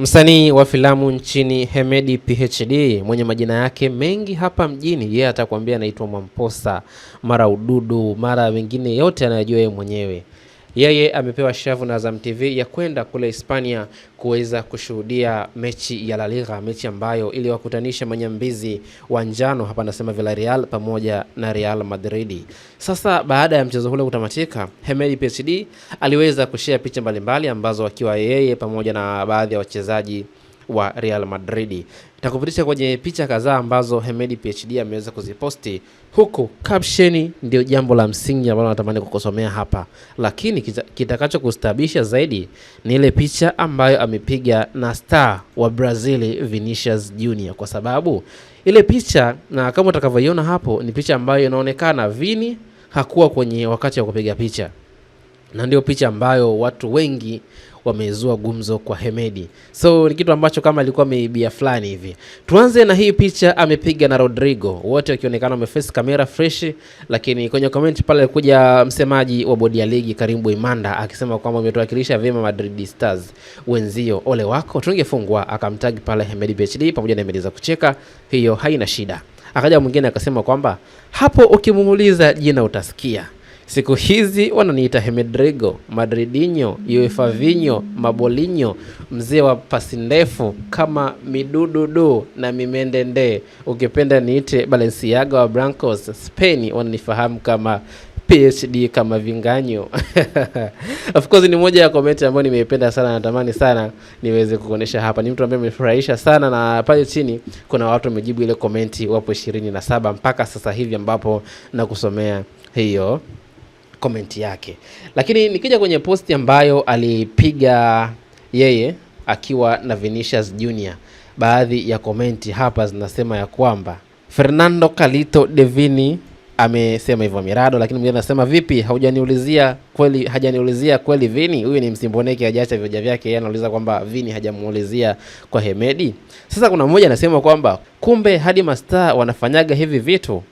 Msanii wa filamu nchini Hemedi PhD mwenye majina yake mengi hapa mjini, yeye atakwambia anaitwa Mwamposa, mara ududu, mara wengine yote anayojua yeye mwenyewe. Yeye amepewa shavu na Azam TV ya kwenda kule Hispania kuweza kushuhudia mechi ya La Liga, mechi ambayo iliwakutanisha manyambizi wa njano hapa nasema Villarreal pamoja na Real Madrid. Sasa baada ya mchezo ule kutamatika, Hemedi PhD aliweza kushare picha mbalimbali ambazo akiwa yeye pamoja na baadhi ya wachezaji wa Real Madrid. Nitakupitisha kwenye picha kadhaa ambazo Hemedi PhD ameweza kuziposti, huku caption ndio jambo la msingi ambalo natamani kukusomea hapa, lakini kitakachokustabisha zaidi ni ile picha ambayo amepiga na star wa Brazil Vinicius Junior, kwa sababu ile picha na kama utakavyoiona hapo ni picha ambayo inaonekana Vini hakuwa kwenye wakati wa kupiga picha na ndio picha ambayo watu wengi wamezua gumzo kwa Hemedi. So ni kitu ambacho kama alikuwa ameibia fulani hivi. Tuanze na hii picha amepiga na Rodrigo, wote wakionekana wameface kamera fresh, lakini kwenye comment pale alikuja msemaji wa bodi ya ligi Karimbu Imanda akisema kwamba umetuwakilisha vyema Madrid Stars, wenzio ole wako tungefungwa. Akamtagi pale Hemedi PhD pamoja na Hemedi za kucheka, hiyo haina shida. Akaja mwingine akasema kwamba hapo ukimuuliza jina utasikia Siku hizi wananiita Hemedrigo, Madridinho, Uefavinho, Mabolinho, mzee wa pasi ndefu kama midududu na mimendende. Ukipenda niite Balenciaga wa Brancos Spain, wananifahamu kama PhD kama vinganyo. Of course ni moja ya komenti ambayo nimeipenda sana, natamani sana niweze kukuonesha hapa. Ni mtu ambaye amefurahisha sana, na pale chini kuna watu wamejibu ile komenti, wapo ishirini na saba mpaka sasa hivi ambapo nakusomea hiyo komenti yake. Lakini nikija kwenye posti ambayo alipiga yeye akiwa na Vinicius Junior, baadhi ya komenti hapa zinasema ya kwamba Fernando Calito Devini amesema hivyo Mirado, lakini mwingine anasema vipi, haujaniulizia kweli, hajaniulizia kweli Vini. Huyu ni msimboneki, hajaacha vioja vyake. Yeye anauliza kwamba Vini hajamuulizia kwa Hemedi. Sasa kuna mmoja anasema kwamba kumbe hadi mastaa wanafanyaga hivi vitu.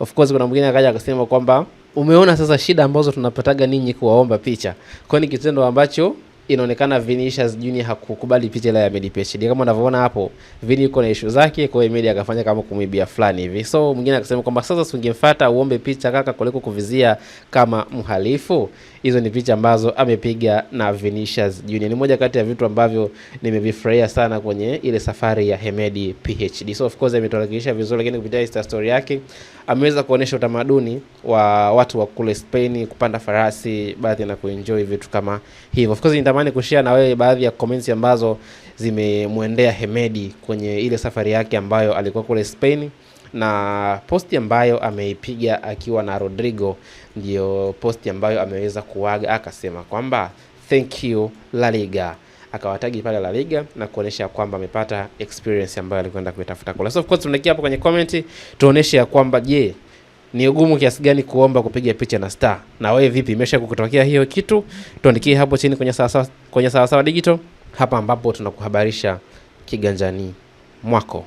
Of course kuna mwingine akaja akasema kwamba umeona sasa shida ambazo tunapataga ninyi kuwaomba picha, kwani kitendo ambacho inaonekana Vinicius Junior hakukubali picha ile ya Medi PhD. Kama unavyoona hapo, Vini yuko na issue zake, kwa hiyo Medi akafanya kama kumwibia fulani hivi. So mwingine akasema kwamba sasa usingemfuata uombe picha kaka, kuliko kuvizia kama mhalifu. Hizo ni picha ambazo amepiga na Vinicius Junior. Ni moja kati ya vitu ambavyo nimevifurahia sana kwenye ile safari ya Hemedi PhD. So of course ametorekebisha vizuri, lakini kupitia Insta story yake ameweza kuonesha utamaduni wa watu wa kule Spain kupanda farasi, baadhi na kuenjoy vitu kama hivyo. Of course natamani kushare na wewe baadhi ya comments ambazo zimemwendea Hemedi kwenye ile safari yake ambayo alikuwa kule Spain na posti ambayo ameipiga akiwa na Rodrigo ndiyo posti ambayo ameweza kuaga akasema kwamba thank you La Liga akawatagi pale La Liga na kuonesha kwamba amepata experience ambayo alikwenda kuitafuta kule. So of course tunaelekea hapo kwenye comment tuoneshe ya kwamba je, ni ugumu kiasi gani kuomba kupiga picha na star? Na wewe vipi, imesha kukutokea hiyo kitu? Tuandikie hapo chini kwenye sawasawa, kwenye Sawasawa Digital hapa ambapo tunakuhabarisha kiganjani mwako.